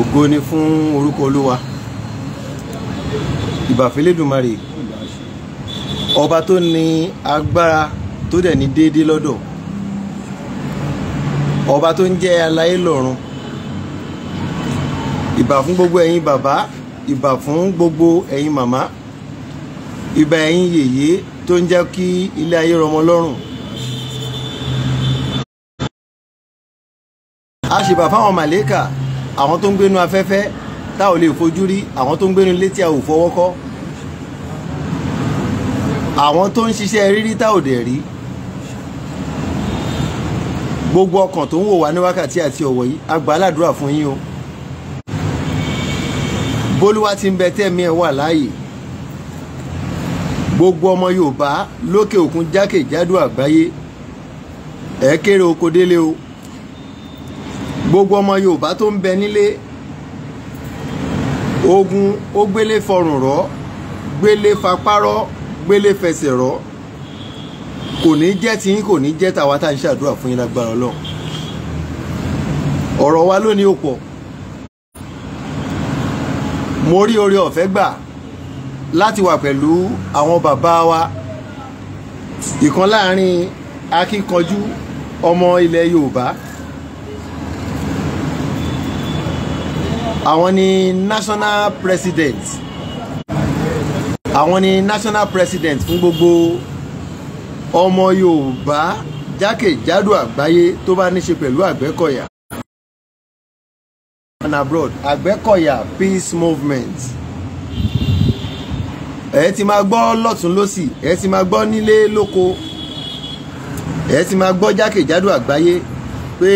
ògo ni fún orúkọ olúwa ìbàfẹ́lẹ́dùmarè ọba tó ní agbára tó dẹ̀ ní déédéé lọ́dọ̀ ọba tó ń jẹ́ aláyé lọ́run ìbà fún gbogbo ẹ̀yin bàbá ìbà fún gbogbo ẹ̀yin màmá ìbà ẹ̀yin yèyé tó ń jẹ́ kí ilé ayé rọmọ lọ́rùn. a ṣèbà fáwọn màlẹ́kà àwọn tó ń gbénu afẹ́fẹ́ tá ò lè fojú rí àwọn tó ń gbénu létí a ò fọwọ́ kọ́ àwọn tó ń ṣiṣẹ́ rírí tá ò dẹ̀ rí gbogbo ọkàn tó ń wò wá ní wákàtí àti ọ̀wọ̀ yìí a gbà ládùúrà fún yín o bólúwa ti ń bẹ tẹ́mi ẹ̀ wà láàyè gbogbo ọmọ Yorùbá lókè òkun jákèjádò àgbáyé ẹ kéré oko délé o gbogbo ọmọ Yorùbá tó ń bẹ nílé ogun ó gbélé fọrùn rọ gbélé fapárọ gbélé fẹsẹ̀ rọ kò ní jẹ́ tí kò ní jẹ́ tàwa tá à ń ṣàdúrà fún yín lágbára Ọlọ́run ọ̀rọ̀ wa lónìí ò pọ̀ mo rí oore ọ̀fẹ́ gbà láti wà pẹ̀lú àwọn bàbá wa ìkan láàrin akíkanjú ọmọ ilẹ̀ Yorùbá àwọn ni national president àwọn ni national president fún gbogbo ọmọ Yorùbá jákèjádò àgbáyé tó bá níṣe pẹ̀lú Àgbẹ̀kọ̀yà and abroad Àgbẹ̀kọ̀yà peace movement ẹ ti máa gbọ́ lọ́tún lọ́sì ẹ ti máa gbọ́ nílé lóko ẹ ti máa gbọ́ jákèjádò àgbáyé pé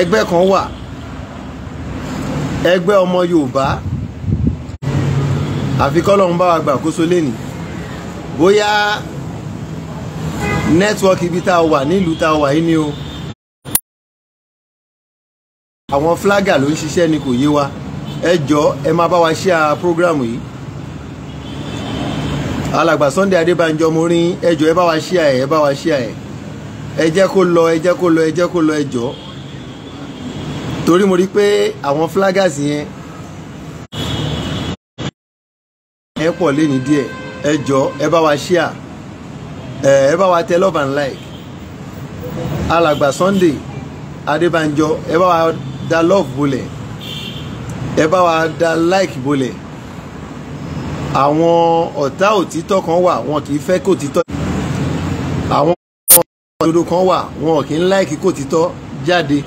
ẹgbẹ́ kan wà ẹgbẹ́ ọmọ Yorùbá àfi kọ́lọ́run bá wa gbàkóso lẹ́nìí bóyá nẹ́tíwọ́ọ̀kì ibi tá a wà nílùú tá a wà yìí ni o àwọn flaga ló ń ṣiṣẹ́ ni kò yé wa ẹ jọ ẹ máa bá wa ṣe à program yìí alàgbà Sunday Adébánjọ mo rí ẹ jọ ẹ bá wa ṣe à ẹ bá wa ṣe à ẹ ẹ jẹ́ kó lọ ẹ jẹ́ kó lọ ẹ jẹ́ kó lọ ẹ jọ torí mo rí pé àwọn flaggers yẹn ẹ pọ̀ léni díẹ̀ ẹ jọ ẹ bá wa share ẹ bá wa tẹ love and like alàgbà Sunday Adébánjọ ẹ bá wa da love bolẹ̀ ẹ bá wa da like bolẹ̀ àwọn ọ̀tá òtítọ́ kan wà wọn kì í fẹ́ kó títọ́ àwọn ọ̀tá òdodo kan wà wọn kì í like kó títọ́ jáde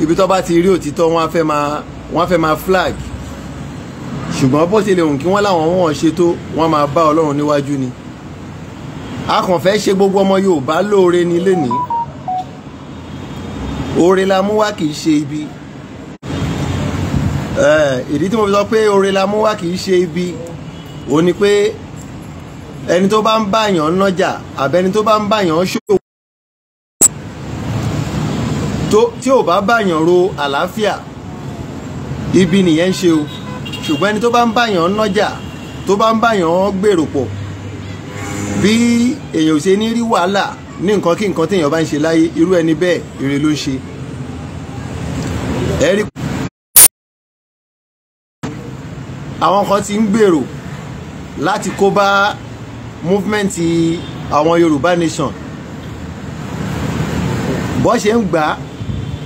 ibi tó bá ti rí òtítọ́ wọ́n á fẹ́ máa wọ́n á fẹ́ máa flag ṣùgbọ́n bó tilẹ̀ hùn kí wọ́n láwọn wọ́n ṣe tó wọ́n máa bá ọlọ́run níwájú ni a kàn fẹ́ ṣe gbogbo ọmọ Yorùbá lóore ní lénìí oore la mú wá kì í ṣe ibi ìdí tí mo fi sọ pé oore la mú wá kì í ṣe ibi òun ni pé ẹni tó bá ń báyàn nájà àbẹ́ni tó bá ń báyàn ṣòwò tó tí ò bá báyàn ro àlàáfíà ibi nìyẹn ń ṣe o ṣùgbọ́n ẹni tó bá ń báyàn nájà tó bá ń báyàn gbèrò pọ̀ bí èèyàn ò ṣe ní rí wàhálà ní nǹkan kí nǹkan téèyàn bá ń ṣe láyé irú ẹni bẹ́ẹ̀ ire ló ń ṣe ẹ̀rí àwọn kan ti ń gbèrò láti kó bá movement àwọn Yorùbá nation bó ṣe ń gbà á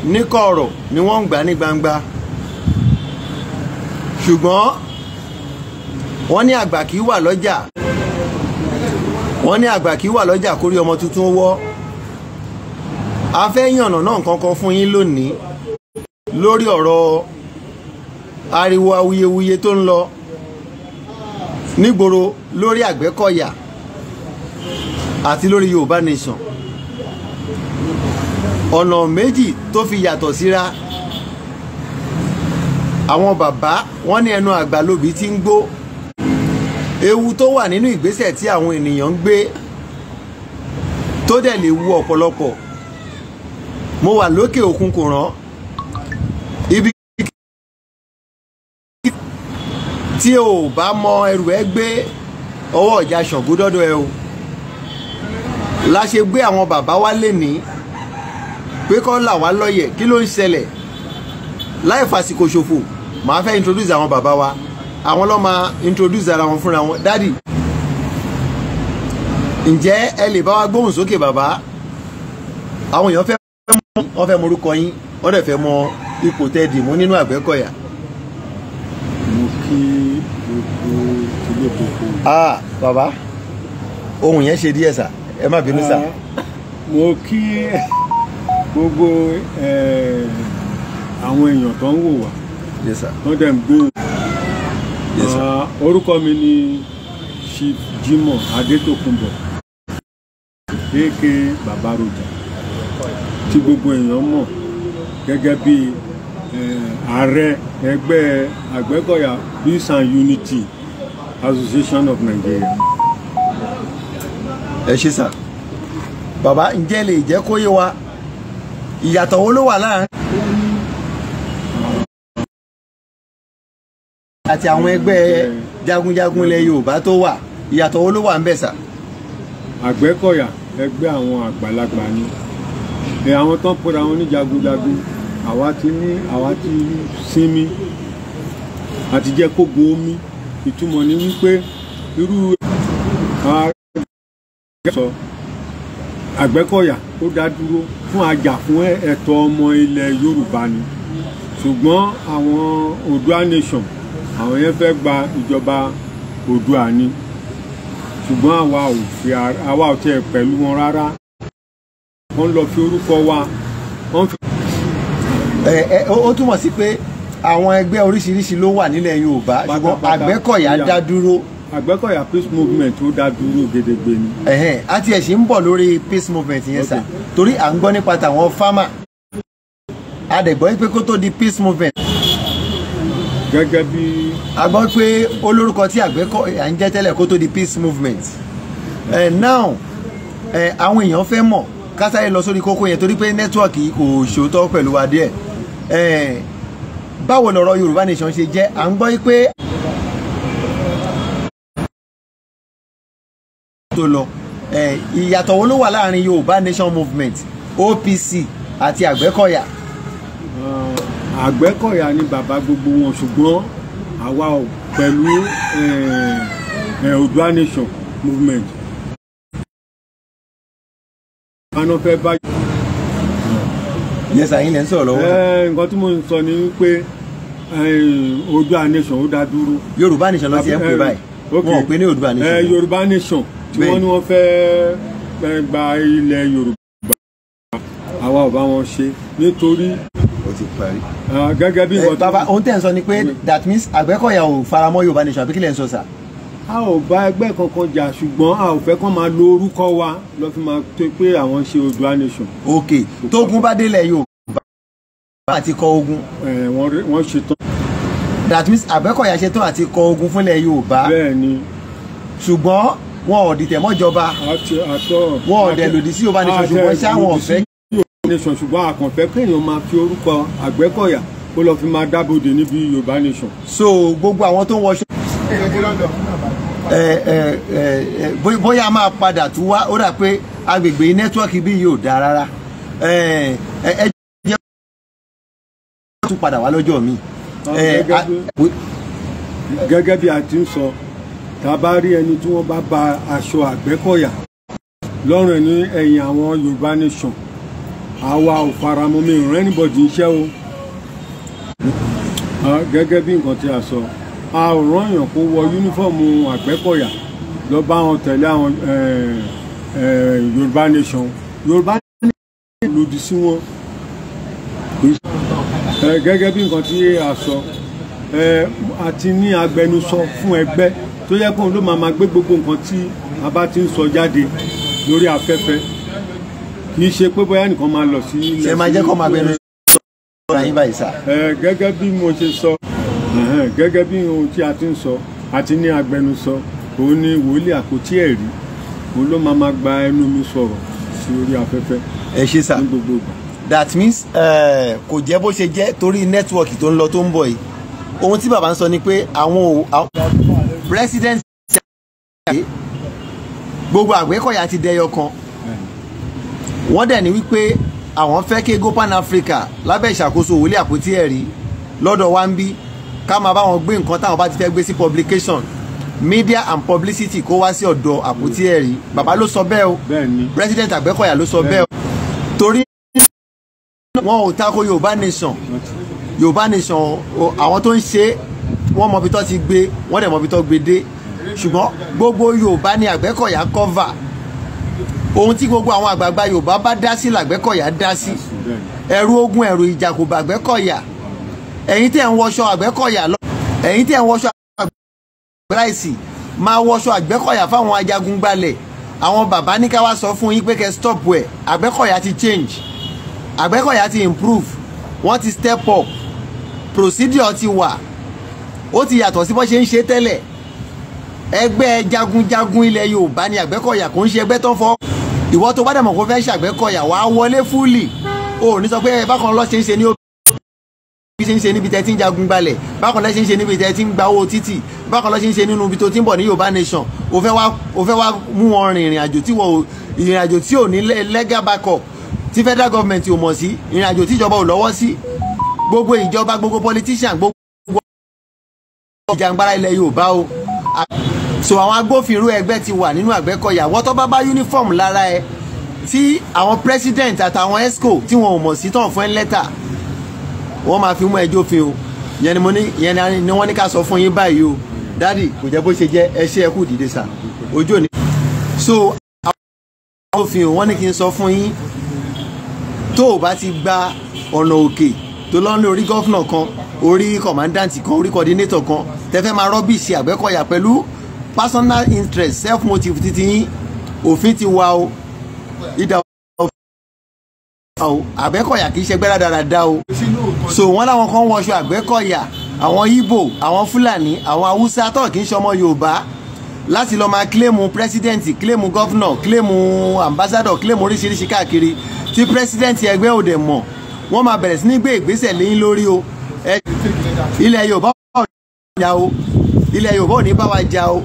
níkọ̀rọ̀ ni wọ́n ń gbà ní gbangba ṣùgbọ́n wọ́n ní àgbà kì í wà lọ́jà wọ́n ní àgbà kì í wà lọ́jà kórí ọmọ tuntun wọ́ a fẹ́ yànnà náà kankan fún yín lónìí lórí ọ̀rọ̀ ariwo awuyewuye tó ń lọ nígboro lórí Àgbẹ̀kọ̀yà àti lórí Yorùbá Nation ọ̀nà méjì tó fi yàtọ̀ síra àwọn bàbá wọ́n ní ẹnu àgbà lóbi tí ń gbó ewu tó wà nínú ìgbésẹ̀ tí àwọn ènìyàn ń gbé tó dẹ̀ lè wu ọ̀pọ̀lọpọ̀ mo wà lókè òkun kò rán ibi tí o bá mọ ẹrù ẹ gbé ọwọ́ ọ̀jà ṣọ̀gúdọ́dọ̀ ẹ o la ṣe gbé àwọn bàbá wa lé ní pé kọ́ là wá lọ́yẹ̀ kí ló ń ṣẹlẹ̀ láì fàsìkò ṣòfò màá fẹ́ introduce àwọn bàbá wa àwọn ló máa introduce ara wọn fúnra wọn dádì ǹjẹ́ ẹ lè bá wa gbóhùn sókè bàbá àwọn èèyàn fẹ́ mọ wọn fẹ́ morúkọ yín wọn dẹ̀ fẹ́ mọ ipò tẹ́ dì mú nínú Àgbẹ̀kọ̀yà. mo kí gbogbo ilé gbogbo. ah bàbá ohun yẹn ṣe díẹ̀ sà ẹ má bínú sà. mo kí. gbogbo àwọn èèyàn tó ń wò wá tó dẹ̀ ń ah, orúkọ mi ni Chief Adétòkunbọ̀ Babaroja gbogbo èèyàn mọ̀ gẹ́gẹ́ bí ààrẹ ẹgbẹ́ Peace and of Nigeria. ẹ ǹjẹ́ wa ìyàtọ̀ wo ló wà láàárín àti àwọn ẹgbẹ́ jagunjagun ilẹ̀ Yorùbá tó wà ìyàtọ̀ wo ló wà ń bẹ̀ sà. Àgbẹ̀kọ̀yà ẹgbẹ́ àwọn àgbàlagbà ni ẹ àwọn tán pera wọn ní jagunjagun àwa ti ní àwa ti sinmi àti jẹ́ kó gun omi ìtumọ̀ ni wípé irú ààrẹ sọ àgbẹ̀kọ̀yà ó dá dúró fún àjà fún ẹ̀tọ́ ọmọ ilẹ̀ yorùbá ni ṣùgbọ́n àwọn oòduà nation àwọn yẹn fẹ́ gba ìjọba oòduà ni ṣùgbọ́n àwa ò fi àwa ò tiẹ̀ pẹ̀lú wọn rárá wọ́n lọ fi orúkọ wa wọ́n fi. ẹ ẹ ó túmọ̀ sí pé àwọn ẹgbẹ́ oríṣiríṣi ló wà nílẹ̀ yorùbá ṣùgbọ́n àgbẹ̀kọ̀yà dá dúró àgbẹ̀kọ̀yà peace movement ó dá dúró gédégbé ni. àti ẹ̀sìn ń bọ̀ lórí peace movement yẹn sà torí à ń gbọ́ nípa tàwọn fámà adẹ̀gbọ́ pé kó tó di peace movement. gẹ́gẹ́ bí. a gbọ́ pé olórúkọ tí àgbẹ̀kọ̀yà ń jẹ́ tẹ́lẹ̀ kó tó di peace movement uh, now àwọn èèyàn fẹ́ mọ̀ kásáré lọ sórí kókó yẹn torí pé nẹ́tíwọ̀kì kò ṣòótọ́ pẹ̀lú wa díẹ̀ báwo lọ̀rọ̀ Yorùbá nation ṣe jẹ́ à ń gbọ́ pé tó lọ ìyàtọ̀ wo ló wà láàrin Yorùbá Nation Movement OPC àti Àgbẹ̀kọ̀yà. Àgbẹ̀kọ̀yà ni bàbá gbogbo wọn ṣùgbọ́n àwa ò pẹ̀lú Oòduà Nation Movement. ìbáná fẹ́ bá. yẹsà yín lẹ ń sọ̀rọ̀ lọ́wọ́. nǹkan tí mo ń sọ ni pé Oòduà Nation ó dá dúró. Yorùbá Nation ló ti ẹ̀ ń pè báyìí wọn ò pè ní Oòduà Nation. Yorùbá Nation tí wọ́n ní wọ́n fẹ́ gba ilẹ̀ Yorùbá àwa ò bá wọn ṣe nítorí. o ti parí. gẹ́gẹ́ bí eh, nǹkan tó. bàbá ohun tẹ̀ ń sọ ni pé that means Àgbẹ̀kọ̀yà ò faramọ́ Yorùbá nation àbí kí lẹ̀ ń sọ sà. a ò bá ẹgbẹ́ kankan jà ṣùgbọ́n a ò fẹ́ kán máa lo orúkọ wa lọ́ fi máa tó pé àwọn ṣe Yorùbá nation. ok tógun bá délẹ̀ Yorùbá àti kọ ogun. Eh, wọ́n ṣe tán. that means Àgbẹ̀kọ̀yà ṣe àti kọ ogun fúnlẹ̀ Yorùbá. bẹ́ẹ̀ ni. ṣùgbọ́n wọn ò dìtẹ̀ mọ́jọba wọn ò dẹ̀ lòdì sí Yorùbá nation ṣùgbọ́n ṣá wọn ò fẹ́. nation ṣùgbọ́n àkànfẹ́ kéèyàn máa fi orúkọ Àgbẹ̀kọ̀yà kó lọ́ọ́ fi máa dábòde níbi Yorùbá nation. so gbogbo àwọn tó ń wọṣọ. Eh, eh, eh, bóyá a máa padà tún wá ó dà pé agbègbè nẹ́tíwọ́ọ̀kì bí yóò dáa rárá ẹ jẹ́ tún padà wá lọ́jọ́ mi. gẹ́gẹ́ bí a ti ń sọ tá a bá rí ẹni tí wọ́n bá ba aṣọ àgbẹ̀kọ̀yà lọ́rùn ní ẹ̀yìn àwọn Yorùbá nation àwa ò faramọ́ mi ìrìn anybody iṣẹ́ o gẹ́gẹ́ bí nǹkan tí a sọ a ò rányàn kó wọ yúnífọ̀mù àgbẹ̀kọ̀yà lọ bá wọn tẹ̀lé àwọn Yorùbá nation Yorùbá nation lòdì sí wọn gẹ́gẹ́ bí nǹkan tí a sọ ní agbẹnusọ fún ẹgbẹ́ tó yẹ kóun ló máa máa gbé gbogbo nǹkan tí a bá ti ń sọ jáde lórí afẹ́fẹ́ kì í ṣe pé bóyá nìkan máa lọ sí ilẹ̀ ṣe máa jẹ́ kó máa bẹ̀rẹ̀ sọ̀rọ̀ yín báyìí sà. gẹ́gẹ́ bí mo ṣe sọ gẹ́gẹ́ bí ohun tí a ti ń sọ àti ní agbẹnusọ òun ni wòlíì àkótí ẹ̀rí òun ló máa máa gba ẹnu mi sọ̀rọ̀ sí orí afẹ́fẹ́ ẹ ṣe sà that means kò jẹ́ bó ṣe jẹ́ torí nẹ́tíwọ̀kì tó ń lọ tó ń bọ̀ yìí ohun tí bàbá ń sọ ni pé àwọn ò president ṣàlàyé gbogbo Àgbẹ̀kọ̀yà ti dẹyọ kan wọ́n dẹ̀ ní wípé àwọn fẹ́ kí ego pan Africa lábẹ́ ìṣàkóso Wòlíì Àpótí Ẹ̀rí lọ́dọ̀ wa ń bí ká máa bá wọn gbé nǹkan táwọn bá ti fẹ́ gbé sí publication media and publicity kó wá sí ọ̀dọ̀ Àpótí Ẹ̀rí bàbá ló sọ bẹ́ẹ̀ o president Àgbẹ̀kọ̀yà ló sọ bẹ́ẹ̀ o torí wọn ò tako Yorùbá nation Yorùbá nation àwọn tó ń ṣe wọ́n mọbi tó ti gbé wọ́n dẹ̀ mọbi tó gbé dé ṣùgbọ́n gbogbo Yorùbá ni Àgbẹ̀kọ̀yà kọ́va ohun tí gbogbo àwọn àgbààgbà Yorùbá bá dá sí làgbẹ̀kọ̀yà dá sí ẹ̀rù ogun ẹ̀rù ìjà kò bá Àgbẹ̀kọ̀yà ẹ̀yin tẹ̀ ń wọṣọ Àgbẹ̀kọ̀yà lọ ẹ̀yin tẹ̀ ń wọṣọ àgbẹ̀ráìsì máa wọṣọ Àgbẹ̀kọ̀yà fáwọn ajagun gbalẹ̀ àwọn bàbá ní ká wá sọ fún yín pé kẹ́ stop ẹ̀ Àgbẹ̀kọ̀yà ti change Àgbẹ̀kọ̀yà ti improve wọ́n ti step up procedure ti wà ó ti yàtọ̀ sí bó ṣe ń ṣe tẹ́lẹ̀ ẹgbẹ́ jagunjagun ilẹ̀ Yorùbá ni Àgbẹ̀kọ̀yà kò ń ṣe ẹgbẹ́ tó fọ́ ìwọ tó bá dàmọ̀ kó fẹ́ ṣàgbẹ́kọ̀yà wàá wọlé fúlì o ní sọ pé ẹ bákan lọ ṣe ń ṣe ní bí ṣe ń ṣe níbi tẹ́ ti ń jagun gbalẹ̀ bákan lọ ṣe ń ṣe níbi tẹ́ ti ń gba owó títì bákan lọ ṣe ń ṣe nínú ibi tó ti ń bọ̀ ní Yorùbá nation o fẹ́ wá o fẹ́ wá mú wọn rin ìrìn àjò tí wọn ìrìn federal government ò mọ̀ sí ìrìn àjò tíjọba ò lọ́wọ́ sí politician gbogbo ìjàngbara ilẹ̀ Yorùbá o so àwọn agbófinró ẹgbẹ́ ti wà nínú Àgbẹ̀kọ̀yà wọ́n tó bá bá uniform lára ẹ tí àwọn president àtàwọn esco tí wọn ò mọ̀ sí tán fún ẹ lẹ́tà wọ́n máa fi mú ẹjọ́ fi o yẹn ni mo ní yẹn ni wọ́n ní ká sọ fún yín báyìí o dádì kò jẹ́ bó ṣe jẹ́ ẹ ṣe ẹ kú dìde sà ojú òní. so àwọn òfin wọ́n ní kí n sọ fún yín tó o bá ti gba ọ̀nà òkè tó lọ́nà orí gọ́fìnà kan orí kọ̀mándáǹtì kan orí kọ̀dínétọ̀ kan tẹ́fẹ́ máa rọ́bìṣì àgbẹ̀kọ̀yà pẹ̀lú personal interest self motive títí yín òfin ti wà o ìdá o àgbẹ̀kọ̀yà kì í ṣe gbẹ́rà dáradá o so wọ́n láwọn kan wọṣọ àgbẹ̀kọ̀yà àwọn Ìgbò àwọn Fúlàní àwọn Haúsá tó kì í ṣe ọmọ Yorùbá láti lọ máa kílèmù pírẹsidẹ́ǹtì kílèmù gọ́vnọ̀ kílèmù ambassadọ̀ kílèmù oríṣiríṣi káàkiri tí pírẹsidẹ́ǹtì ẹgbẹ́ òdẹ̀ mọ̀ wọ́n máa bẹ̀rẹ̀ sí ní gbé ìgbésẹ̀ lẹ́yìn lórí o ilẹ̀ Yorùbá ò ní bá wa jà o ilẹ̀ Yorùbá ò ní bá wa jà o.